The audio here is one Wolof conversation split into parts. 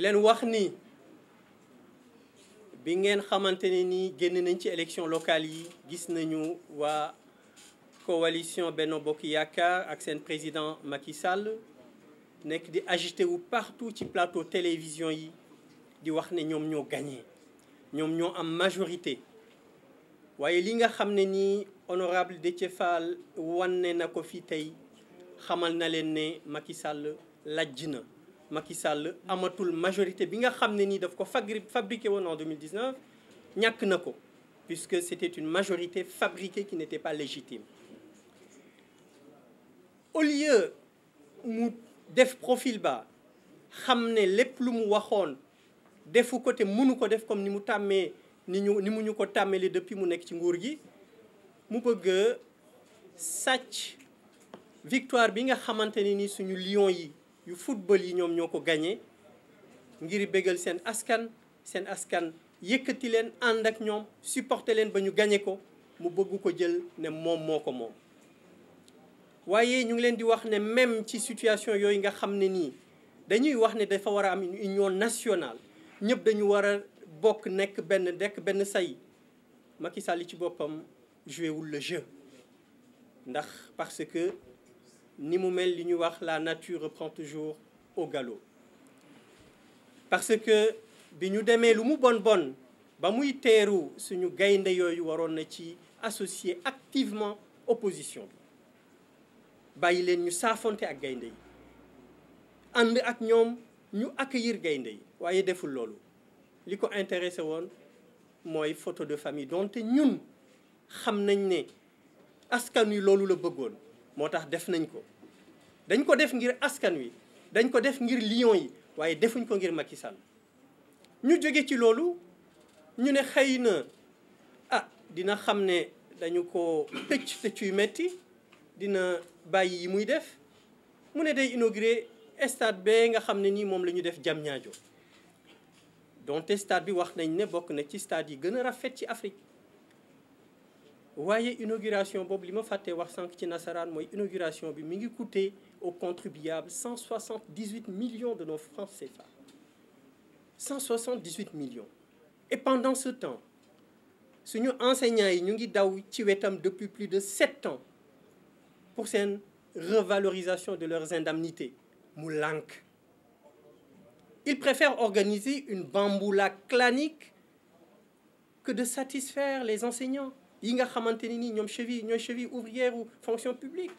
di leen wax ni bi ngeen xamante ne nii génn nañ ci élection locale yi gis nañu waa coalition benn Bokk Yaakaar ak seen président Macky Sall nekk di agité wu partout ci plateau télévision yi di wax ne ñoom ñoo gagné ñoom ñoo am majorité waaye li nga xam ne nii honorable Déthié Fall wanne na ko fii tey xamal na leen ne Macky Sall lajj na Macky Sall amatul majorité bi nga xam ne nii daf ko fabriqué woon en 2019 ñàkk na ko puisque c'était une majorité fabriquée qui n'était pas légitime au lieu mu def profil ba xam ne lépp lu mu waxoon defu ko te mënu ko def comme ni mu tàmmee ni ñu ni mu ñu ko tàmmeeli depuis mu nekk ci nguur gi mu bëgg sàcc victoire bi nga xamante ne ni suñu lion yi yu football yi ñoom ñoo ko gagné ngir bégal seen askan seen askan yëkkati leen ànd ak ñoom supporter leen ba ñu gagné ko mu bëgg ko jël ne moom moo ko moom. waaye ñu ngi leen di wax ne même ci situation yooyu nga xam ne nii dañuy wax ne dafa war a am une union nationale ñëpp dañu war a bokk nekk benn dekk benn say Macky Sall ci boppam joué wul le ndax parce que. ni mu mel li ñu wax la nature reprend toujours au galop parce que bi ñu demee lu mu bon bon ba muy teeru suñu gaynde yooyu waroon na ci associer activement opposition bi bàyyi leen ñu saafonte ak gaynde yi ànd ak ñoom ñu accueillir gaynde yi waaye deful loolu li ko intéressé woon mooy photo de famille donte ñun xam nañ ne askan wi loolu la bëggoon moo tax def nañ ko dañ ko def ngir askan wi dañ ko def ngir Lions yi waaye defuñ ko ngir Macky Sall ñu jóge ci loolu ñu ne xëy na ah dina xam ne dañu ko tëcc tëcc metti dina bàyyi yi muy def mu ne day inogré stade bee nga xam ne nii moom la ñu def jam ñaajo donte stade bi wax nañ ne bokk na ci stade yi gën a rafet ci Afrique waaye inauguration boobu li ma fàttee wax sànq ci nasaraan mooy inauguration bi mi ngi coûté aux contribuables 178 millions de nos francs CFA 178 millions et pendant ce temps suñu enseignants yi ñu ngi daw ci wetam depuis plus de sept ans pour seen revalorisation de leurs indemnités mu lànk ils préfèrent organiser une bamboula clanique que de satisfaire les enseignants yi nga xamante ni nii ñoom cheville ñooy cheville ouvrière ou fonction publique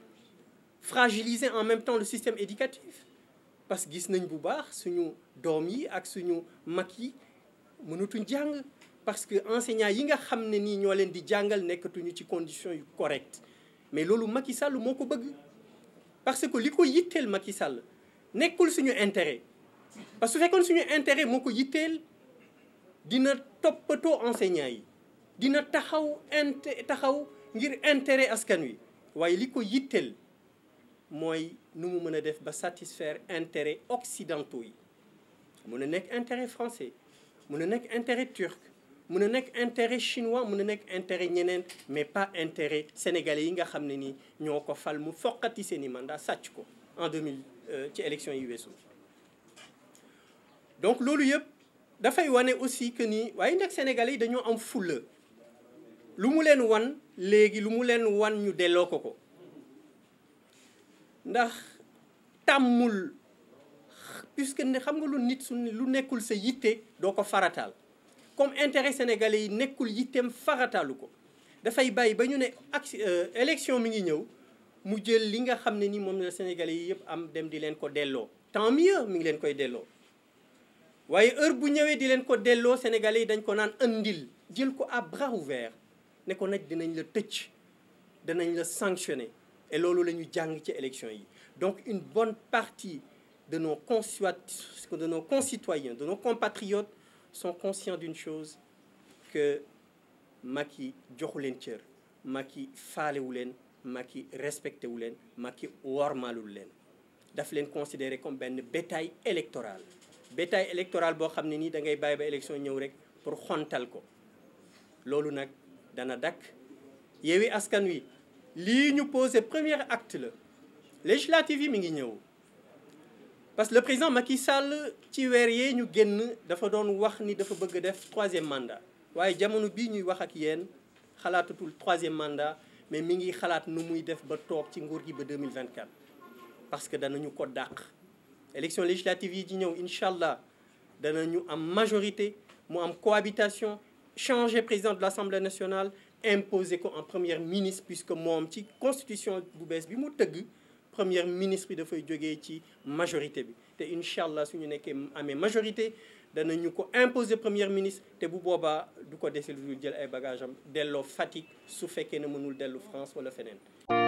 fragiliser en même temps le système éducatif parce que gis nañ bu baax suñu doom yi ak suñu mag yi mënatuñ jàng parce que enseignants yi nga xam ne nii ñoo leen di jàngal nekkatuñu ci conditions yu correctes mais loolu Macky Sall moo ko bëgg parce que li ko yitteel Macky Sall nekkul suñu intérêt parce que su fekkoon suñu intérêt moo ko yitteel dina toppatoo enseignants yi dina taxaw int taxaw ngir intérêt askan wi waaye li ko yitteel mooy nu mu mën a def ba satisfaire intérêt occidentaux yi mun a nekk intérêt français mun a nekk intérêt turc mun a nekk intérêt chinois mun a nekk intérêt ñeneen mais pas intérêt sénégalais yi nga xam ne ni ñoo ko fal mu foqati seen i mandat sàcc ko en 2000 euh, ci élection yi weesu donc loolu yëpp dafay wane aussi que ni waaye nag sénégalais yi dañoo am fulla lu mu leen wan léegi lu mu leen wan ñu delloo ko ko ndax tàmmul puisque ne xam nga lu nit su lu nekkul sa yitte doo ko farataal comme intérêt sénégalais yi nekkul yitteem farataalu ko dafay bàyyi ba ñu ne ak euh, élection mi ngi ñëw mu jël li nga xam ne nii moom la sénégalais yi yëpp am dem di leen ko delloo temps mieux mi ngi leen koy delloo waaye heure bu ñëwee di leen ko delloo sénégalais yi dañ ko naan andil jël ko à bras ouvert ne nag dinañ la tëcc danañ la sanctionner et loolu la ñu jàng ci élection yi donc une bonne partie de nos de nos concitoyens de nos compatriotes sont conscients d'une chose que Macky joxu leen cër Macky faalewu leen Macky respecté wu leen mag Macky warmaalul leen daf leen considéré comme benn bétail électoral betay électoral boo xam ne nii da ngay bàyyi ba élection ñëw rek pour xontal ko loolu nag dana dakk Yewwi Askan Wi lii ñu posé première acte la législative yi mi ngi ñëw parce que le président Macky Sall ci weer yee ñu génn dafa doon wax ni dafa bëgg a def troisième mandat waaye jamono bii ñuy wax ak yéen xalaatatul troisième mandat mais mi ngi xalaat nu muy def ba toog ci nguur gi ba 2024 parce que danañu ko dàq élection législative yi di ñëw incha allah dana ñu am majorité mu am cohabitation changer président de l'Assemblée nationale imposer ko en premier ministre puisque moom ci constitution bu bees bi mu tëgg premier ministre bi dafay jógee ci majorité bi te incha su ñu nekkee amee majorité danañu ko imposer premier ministre te bu boobaa du ko desil lu jël ay bagage delloo Fatick su fekkee ne mënul dellu France wala feneen